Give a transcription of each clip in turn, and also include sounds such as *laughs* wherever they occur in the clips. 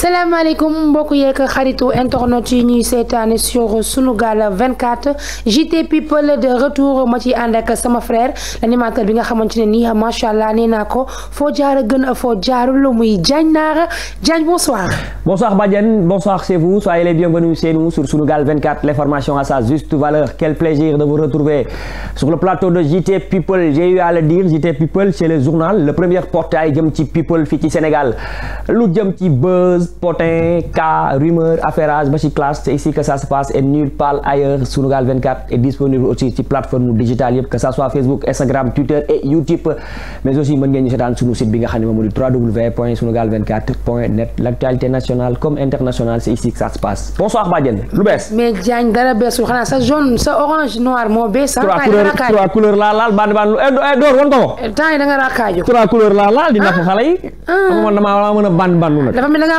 salaamaaleykum mbokk yeeg xaritu internet yi ñuy seetaan sur Sunugal 24 JT People de retour ma ci ànd ak sama frère l'animateur bi nga xamante ne nii macha allah nee naa ko foo jaar gën a foo jaarul muy Diagne naar Diagne bonsoir. bonsoir Badiane bonsoir chez vous soyez les bienvenus chez sur Sunugal 24 l'information à sa juste valeur quel plaisir de vous retrouver sur le plateau de JT People j'ai eu à le dire JT People c'est le journal le premier portail jëm ci people fii ci Sénégal lu jëm ci buzz. potin cas rumeur affairage bachiclash c'est ici que ça se passe et nulle part ailleurs Sunugal 24 est disponible aussi ci plateforme digitale yëpp que ça soit Facebook Instagram Twitter et YouTube mais aussi mën ngeen seetaan sunu site bi nga xam ne moom moo di www.sunugal24.net l'actualité nationale comme internationale c'est ici que ça se passe bonsoir Badiane lu bees. mais Diagne dara beesul xanaa sa jaune sa orange noir moo bees. Ah, trois trois couleurs laa laal band band eh, eh, eh, da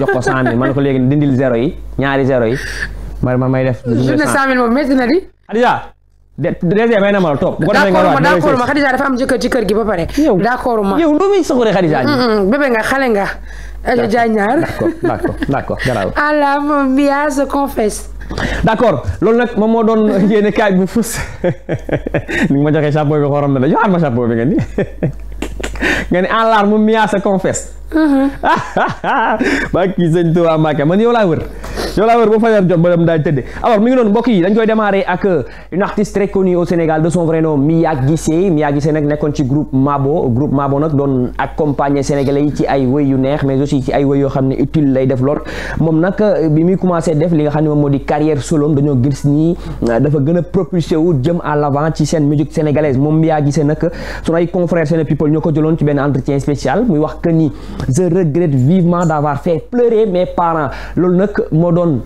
jox ko cent mille man ko léegi dindil zéro yi ñaari zéro yi ma ma may def. journée cent mille moom métti na di. Xadija de deuxième may na ma la toog. bu ko defee nga waat d'accord ma Xadija dafa am jëkkër ci kër gi ba pare. d'accord ma yow lu muy soxore Xadija bébé nga xale nga. aja jañaar d'accord d'accord d'accord. *laughs* allah moom Mia se confesse. d'accord loolu nag moom moo doon *laughs* yéene kaay bu fus *laughs* ni nga ma joxee chapeau bi xorom na de joxaat ma chapeau bi nga ni nga ni allah moom Mia se confesse. maa *laughs* kii sëñ Tuubaa Mbàkke man yow laa wër yow laa wër ba fajar jot ba dem daal tëdde alors mi ngi noonu mbokk yi dañ koy démarrer ak euh, une artiste très connue au Sénégal de son vrai nom Mia Guissé nag nekkoon ci groupe Mabo groupe Mabo nag doon accompagner sénégalais yi ci ay wëy yu neex mais aussi ci ay wëy yoo xam ne lay def lool moom nag euh, bi muy def li nga xam ne moom moo di carrière soloom dañoo gis nii euh, dafa gën a propulsé wu jëm à l'avant ci seen musique sénégalaise moom Mia Guissé nag sunu ay confrères seen people ñoo ko jëloon ci benn entretien spécial muy wax que je regrette vivement d'avoir fait pleurer mes parents loolu nag moo doon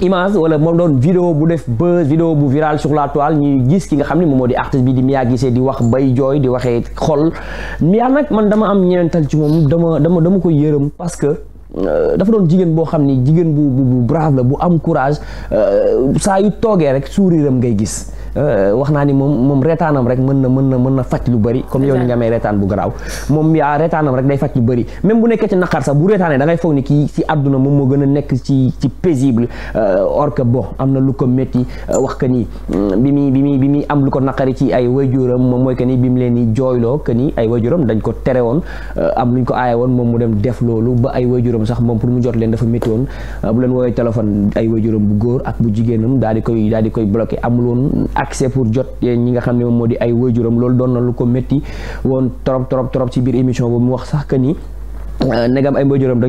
image wala moo doon vidéo bu def buzz vidéo bu viral sur la toile ñuy gis ki nga xam ne moom moo di artiste bi di Mia Guissé di wax bay jooy di waxee xol Mia nag man dama am ñewental ci moom dama dama dama ko yërëm parce que Euh, dafa doon jigéen boo xam ni jigéen bu bu brave la bu am courage euh, saa yu toogee rek souriram ngay gis euh, wax naa ni moom moom reetaanam rek mën na mën na mën na faj lu bari comme yow ni nga amee bu garaaw moom yaa reetaanam rek day faj lu bëri même bu nekkee ci naqar sax bu reetaanee da ngay foog ni kii si àdduna moom moo gën a nekk ci ci paisible or que bon am na lu ko métti wax que ni mm, bi muy bi muy bi muy am lu ko naqari ci ay wajuram moom mooy que ni bi mu leen di jooyloo que ni ay wajuram dañ ko tere woon am luñ ko aaye woon moom mu dem def loolu ba ay wajuram waajuram sax moom pour mu jot leen dafa métti woon euh, bu leen woowee téléphone ay wajuram bu góor ak bu jigéenam daal di koy daal di koy bloqué amul woon accès pour jot ñi nga xam ne moom moo di ay waajuram loolu doon na lu ko métti woon trop trop trop ci biir émission boobu mu wax sax que ni. Euh, negam ay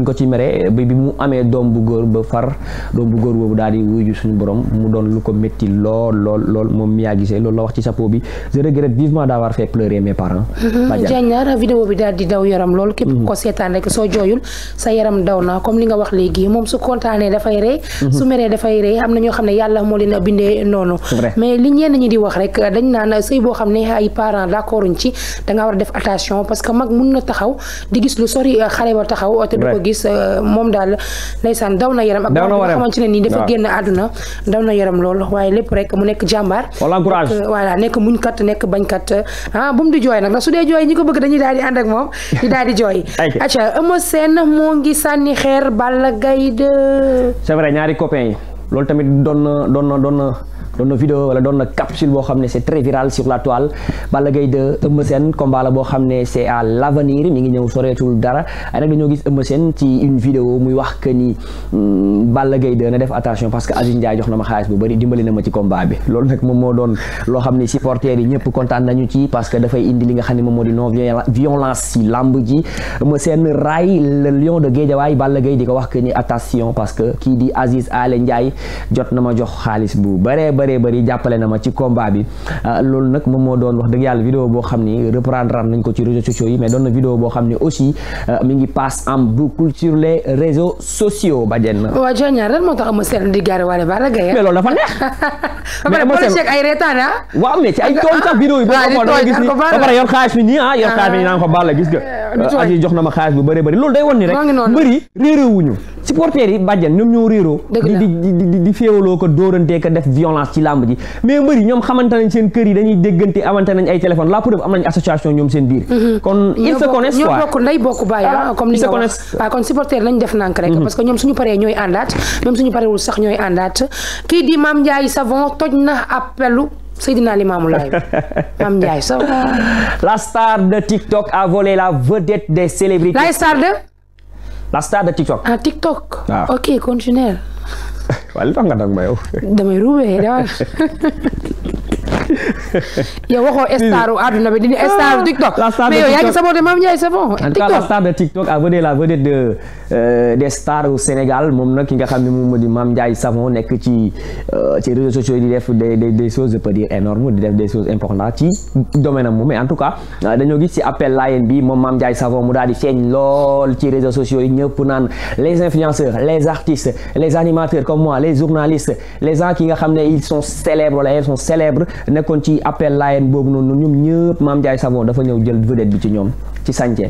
ko ci mere bi bi mu amee doom bu góor ba far doom bu góor boobu daal di wuyu suñu borom mu doon lu ko métti lool lool lool moom Mia Guissé loolu la wax ci sa po je regrette vivement d'avoir fait pleurer mes parents. Mm-hmm. Diagne bi di daw yaram lool. képp ko mm-hmm. seetaan rek soo jooyul sa yaram daw na comme li nga wax léegi moom su kontaanee dafay rey. Mm-hmm. su meree dafay rey am na ñoo xam ne yàlla moo leen bindee noonu. mais li ñenn ñi di wax rek dañ naan sëy boo xam ne ay parents d'accorduñ ci da nga war a def attention parce que mag mun na taxaw di gis lu sori. Euh, xale ba taxaw te du ko gis euh, moom daal ndeysaan daw na yaram ak moom nga xamante ne nii dafa génn àdduna daw na yaram lool waaye lépp rek mu nekk jàmbaar voilà nekk muñkat nekk bañkat ah bu mu di jooy nag su dee jooy ñi ko bëgg dañuy daal di ànd ak moom di daal di jooy acca *laughs* Eumeu Sène moo ngi sànni xeer Balla Gaye de c'est vrai ñaari copains yi loolu tamit doon na doon na doon doon na vidéo wala capsule boo xam ne c'est très viral sur Balla Gaye 2 Eumeu Sène combat boo xam ne c'est à l'avenir mi ngi ñëw soreetul dara ay nag dañoo gis Eumeu Sène ci une vidéo muy wax que hmm, Balla Gaye 2 na def attention parce que Aziz Ndiaye jox na ma xaalis bu bëri dimbali na ma ci moo doon loo xam ne supporters yi ñëpp kontaan que dafay indi li nga xam ne moom moo di non violence ci lamb ji Eumeu Sène raay le lion de Guédiawaye Balla Gaye ko wax que ni attention parce que kii di Aziz Ndiaye jot na ma jox xaalis bu bëree bëri jàppale na ma ci combat bi ah, loolu nag moom moo doon wax dëgg yàlla vidéo boo xam ni reprendre nañ ko ci réseaux sociaux yi mais doon na vidéo boo xam ni aussi ah, mi ngi passe en boucle sur les réseaux *laughs* ay reetaan ah? waaw mais ci ay jox na ma xaalis bu bëree bëri loolu day wan ni rek bëri réeré wuñu supporters yi bàjjan ñoom ñoo réeroo di di di di féewaloo ko dóorantee ko def violence ci làmb ji mais mbëri ñoom xamante nañ seen kër yi dañuy déggante amante nañ ay téléphone la preuve am nañ association ñoom seen biir mhm. kon ils se connaissent quoi ah, ah, mhm. ñoo paree ñooy àndaat même suñu pareewul sax ñooy àndaat kii di Mame Ndiaye Savon toj na appelu Seydina Limamou Laye *laughs* Mame Ndiaye Savon la star de TikTok a la vedette des célébrités la star la star de TikTok. ah TikTok. waaw ah. ok continuer. *laughs* waaye li nga dang ma yow. damay ruubee dawal. *laughs* yow waxoo star àdduna bi di ah, star TikTok. mais yow yaa ngi saboté Mame Ndiaye a vedette la de euh, des stars au Sénégal moom nag ki nga xam ne moom moo di Mame Ndiaye Savon nekk ci euh, ci réseaux sociaux yi di def des des choses je peux dire énormes di def des choses importantes ci domaine am mais en tout cas euh, dañoo gis ci appel laayeen bi moom Mame Savon mu daal di lool ci réseaux sociaux yi ñëpp naan les influenceurs les artistes les animateurs comme moi les journalistes les nga xam ne ils nekkoon ci appel laayeen boobu noonu ñoom ñëpp Mame Ndiaye Savon dafa ñëw jël vedette bi ci ñoom ci sànce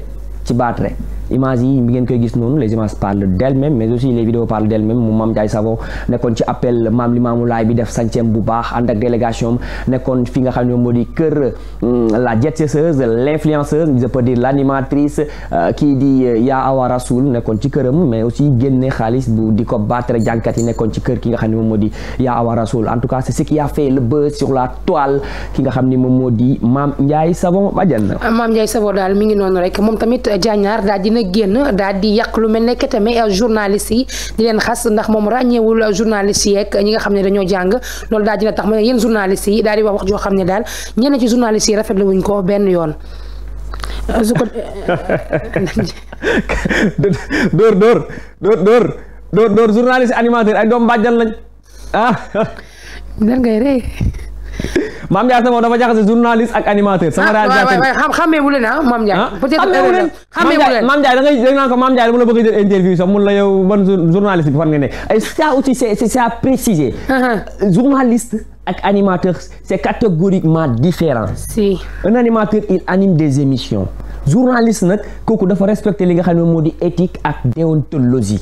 ci baat baatere images yi bi ngeen koy gis noonu les images parlent mais aussi les vidéos parlent d'elles-mêmes moom Savon nekkoon ci appel Mame Limamou Laye bi def sanceem bu baax ànd ak délégation nekkoon fi nga xam ne moo di kër hmm, la jet-setteuse l'influenceuse je peux dire l'animatrice euh, kii di euh, Ya Awa Rasoul nekkoon ci këram mais aussi génne xaalis bu di ko battre jànkat yi nekkoon ci kër ki nga xam ne moom moo di Ya Awa Rasoul en tout cas c'est ce qui a fait le buzz sur la toile ki nga xam ni moom moo di Mame Ndiaye Savon Badiane Mame Ndiaye ngi noonu rek moom a génn daal di yàq lu mel ne que tamit journaliste yi di leen xas ndax moom ràññeewul journaliste yi ak ñi nga xam ne dañoo jàng lool daal dina tax mu ne yéen journaliste yi daal di wax joo xam ne daal ñenn ci journaliste yi rafetlu wuñ ko benn yoon. Euh, *laughs* dóor dóor dóor dóor dóor dóor journaliste animateur ay doom bàjjan lañ ah. lan ngay rey. Mame Ndiaye sama dama jaxase journaliste ak animateur sama ah, réalisateur xam xameewu leen ah Mame Ndiaye ah, peut-être xameewu leen ko Mame Ndiaye dama la bëgg a jël interview mun la yow ban journaliste bi fan nga ne et ça aussi c'est c'est à préciser uh-huh. journaliste ak animateur c'est catégoriquement différent si un animateur il anime des émissions journaliste nag kooku dafa respecter li nga xam ne moo di éthique ak déontologie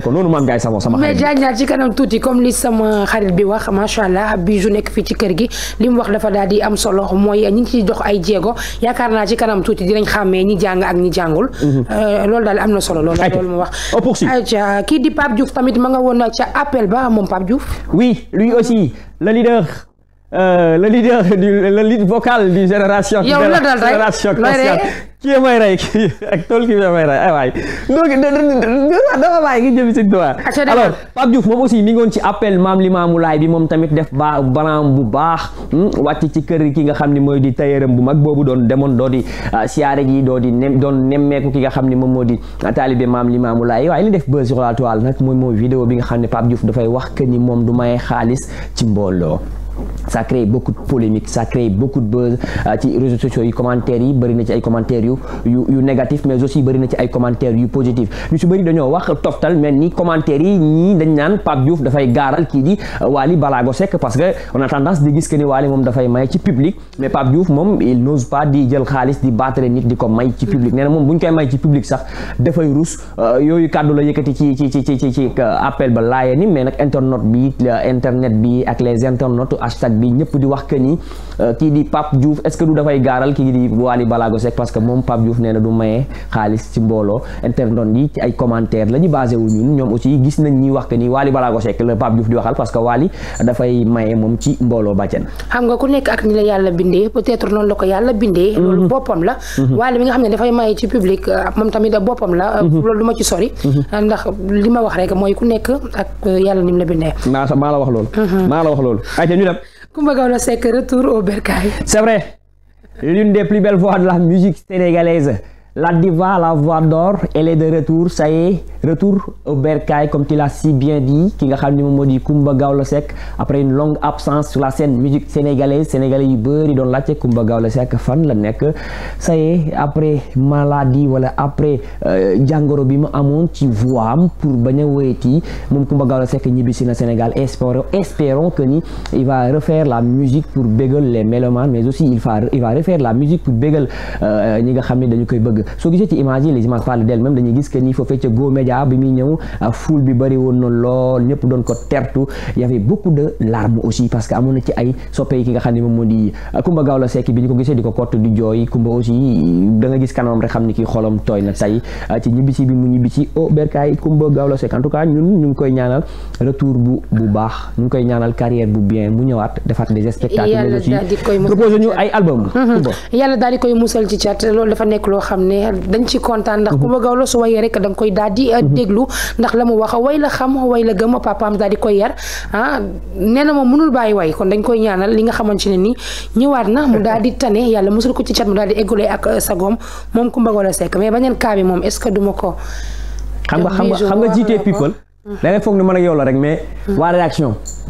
defaree ko noonu maam Ndiaye Savon sama xarit tuuti comme li sama xarit bi wax macha allah Bijou nekk fii ci kër gi li mu wax dafa daal di am solo mooy ñi ngi ciy dox ay jéego yaakaar naa ci kanam tuuti dinañ xàmmee ñi jàng ak ñi jàngul. Mhm. Euh, loolu daal am na solo loolu loolu mu wax. au poursuit kii di Pape Diouf tamit ma nga woon ca appel ba moom Pape Diouf. oui lui aussi le leader. Euh, le leader du vocal du génération. yow la dal rek génération consciente kii may rey ak tool kii may rey ay eh, waay donc dafa ngi jëm si ah, doar alors Pape Diouf moom ci appel maam Limaamu Laay bi moom tamit def ba balam bu baax hmm, wàcc ci kër ki nga xam ne mooy di tayeeram bu mag boobu doon demoon doo di ah, siyaare gi doo di nem doon nemmeeku ki nga xam ne moom moo di taalibe maam Limaamu Laay waaye li def buzz sur la toile nag mooy mooy vidéo bi nga xam ne Pape Diouf dafay wax que ni moom du may xaalis ci mbooloo ça a créé beaucoup de polémique ça a créé beaucoup de euh, ci réseaux sociaux yi commentaires yi bëri ci ay commentaires yu négatif mais aussi bëri ci ay commentaires yu positif ñu si bëri dañoo wax toftal mel ni commentaires yi ñii dañ naan Pape Diouf dafay gaaral kii di euh, Wally Balago Seck parce que on tendance di gis que ni Wally moom dafay may ci public mais Pape Diouf moom il n'ose pas di jël xaalis di battre nit di ko may ci public nee moom bu koy may ci bi ñëpp di wax que ni euh, kii di Pape Diouf est-ce que du dafay gaaral kii di Waly Balago Seck parce que moom Pape Diouf nee na du maye xaalis ci mbooloo internet yi la mhm. mhm. dafay maye ci mbooloo ko yàlla bindee moom tamit boppam la mhm. loolu du ma ci sori ndax li ma wax rek mooy ku nekk ak euh, yàlla nim la bindee maa la wax loolu maa la wax loolu ay te ñu dem Coumba Gawlo Seck retour au bercail. C'est vrai l'une des plus belles voix de la musique sénégalaise. La diva, la voix d'or, elle de retour, sa y est, retour au bercail comme tu l'as si bien di ki nga xam ni moom moo di Kumba Gawlo Seck après une longue absence sur la scène musique sénégalaise sénégalais yu bëri doon laajte Kumba Gawlo sekk fan la nekk sa y est après maladie wala après euh, jàngoro bi mu amoon ci voix am pour bañ a woyati moom Kumba sekk ñibbi ñibbisi na Sénégal espérons espérons que ni il va refaire la musique pour bégal le mélomanes mais aussi il va il va refaire la musique pour euh, ñi nga xam ne dañu koy bëgg soo gisee ci image yi les images parlent d'elles-mêmes dañuy gis que ni foofee ca Go Média bi muy ñëw ah, foule bi bëri woon na lool ñëpp doon ko tertu y avait beaucoup de aussi parce que amoon na ci ay soppe yi ki nga xam ne moom moo di Kumba ah, Kumba aussi da nga gis ah, oh, ñun ñu ngi koy ñaanal retour bu bu baax ñu ngi koy ñaanal carrière bu bien mu ñëwaat defaat des spectacles aussi proposé mhm. daal di koy musal ci cat loolu dafa nekk loo xam ne dañ ci kontaan ndax ku ma mhm. gawlo su wayee rek da nga koy daal di euh, mhm. déglu ndax la mu wax way la xam way la gëm papaam daal di koy yar ah nee na moom mënul bàyyi way kon dañ koy ñaanal li nga xamante ne nii ñëwaat na mu daal di tane yàlla mosul ko ci cat mu daal di éggule ak euh, sagoom moom ku mbagoo la sekk mais beneen cas bi moom est ce que duma ko xam nga xam nga jiitee people da ngay foog ne man a yow rek mais mm. waa réaction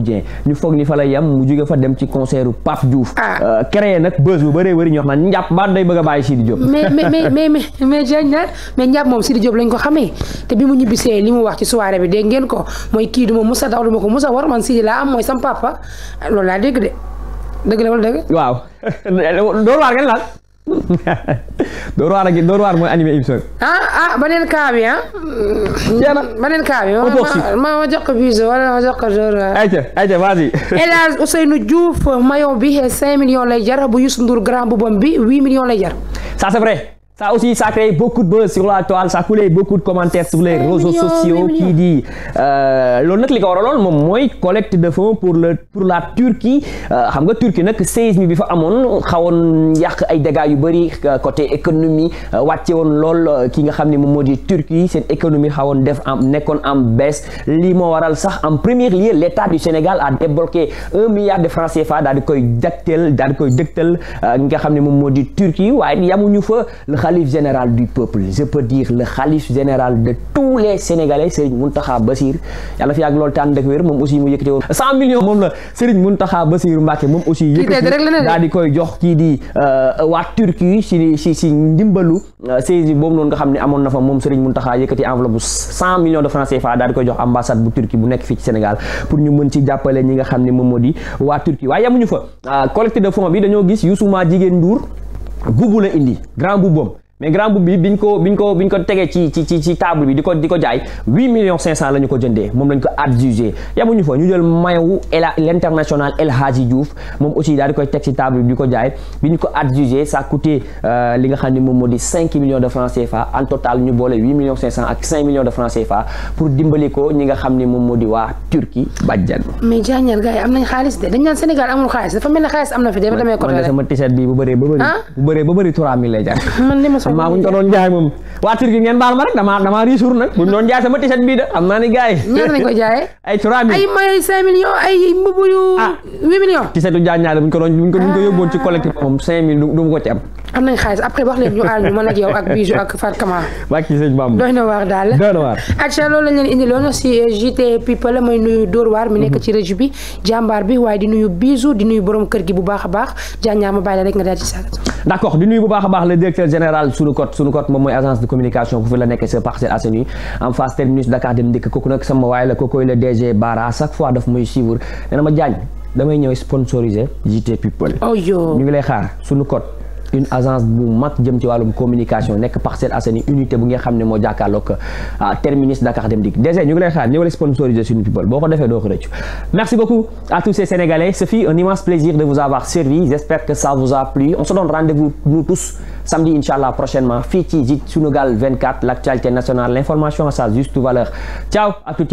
Babou Dieng ñu foog ni fa la yem mu jóge fa dem ci concert u Pape Diouf ah. euh, créé nag bës bu bëree bëri ñu wax naan njàpp ba day bëgg a bàyyi Sidi Diop mais mais mais mais mais Diagne moom Sidi Diop lañ ko xamee te bi mu ñibbisee li mu wax ci soirée bi dégg ngeen ko mooy kii du musa daw du ko musa war man Sidi laa am mooy sam papa ah, loolu laa dégg dëgg la wala dëgg waaw *laughs* loolu waar ngeen laal *laughs* Dóor waar gi Dóor waar mooy animé émission ah ah beneen kaa bi ah. jeex na beneen kaa bi. ma ma jox ko biso wala ma jox ko Dóor waar. ayca ayca vas-y. *laughs* El Hadj Ousseynou Diouf maillot bi 5 millions lay jar bu Youssou Ndour grand boubam bi 8 millions lay jar. ça c'est vrai. Ça aussi, ça crée beaucoup de buzz sur la toile, beaucoup de commentaires sur réseaux sociaux qui dit euh, loolu nag li ko waraloon moom mooy collecte de fonds pour le pour la Turquie euh, xam nga Turquie nag séisme bi fa amoon xawoon yàq ay dégâts yu bëri euh, côté économie wàcce woon lool ki nga xam ne moom moo di Turquie seen économie xawoon def am nekkoon en baisse lii moo waral sax en première lieu l'État du Sénégal a débloqué un milliard de francs CFA daal di koy dëgtal daal di koy dëgtal nga xam ne moom moo di Turquie xalif général du peuple je peux dire xalif général de tous les sénégalais Serigne Mountakha Bassir yàlla fi yàgg loolu te ànd koy jox kii euh, waa Turquie si ndimbalu euh, saisi boobu noonu nga xam ne amoon na fa moom Serigne Mountakha yëkkati enveloppe bu de francs CFA daal koy jox ambassade bu Turquie bu nekk fii Sénégal pour ñu mën ci jàppale ñi nga xam ne moom di waa Turquie waaye yamuñu fa euh, collecte de fonds bi dañoo gis Youssouma Jigéen Ndour buubu la indi grand buuboom mais grand boubou bi biñ ko biñ tegee ci ci bi di ko jaay huit ko jëndee moom lañ ko adjugé yamuñu fa ñu jël mayowu la l' international moom aussi daal koy teg ci table bi di ko jaay bi ko adjugé ça coûté euh, li nga xam ne moom moo di cinq millions de francs CFA en total ñu boole millions ak millions de francs CFA pour dimbali ko ñi nga xam ne moom moo di waa Turquie bàjjan. mais jaañar gars yi am nañ xaalis de dañ naan Sénégal amul xaalis dafa mel t-shirt bi bu bëree ba bëri. bu bëree ba bëri trois mille lay jar. xam naa buñ ko doon jaay moom waa turki ngeen baal ma rek damaa damaa nag buñ doon bii de xam naa yi ñaata *laughs* ay 3 millions millions ay mbubu yu ah. millions t-shirt jaan ñaare ah. moom 5000 waar daal doy na waar acca loolu lañ leen indi loon eh, mooy nuyu Dóor waar mi nekk mhm. ci région bi jàmbaar bi waaye di nuyu bijou di nuyu borom kër gi bu baax a baax jaan ñaar ma bàyyi la rek nga daal ci saagat d' accord di nuyu bu baax a baax le directeur général Sunukot Sunukot moom mooy agence de communication bu fi la nekkee sa Parcelles Assainies en face terminus Dakar dem dikk kooku nag sama waay la kookoy le DG Bara chaque fois daf muy suivre nee ma jaañ damay ñëw sponsorisé JT People. oh ñu ngi lay xaar Sunukot. une agence bu mag jëm ci wàllum communication nekk Parcelles Assainies unité bu nga ne moo jàkkaarloog ah, terminus Dakar Dem Dikk DG ñu ngi lay xaar ñu ngi lay sponsoriser suñu boo ko defee doo ko merci beaucoup à tous ces Sénégalais ce fut un immense plaisir de vous avoir servi j'espère que ça vous a plu on se donne rendez-vous nous tous samedi incha allah prochainement fii ci JIT Sunugal 24 l'actualité nationale l'information à sa juste valeur ciao à toutes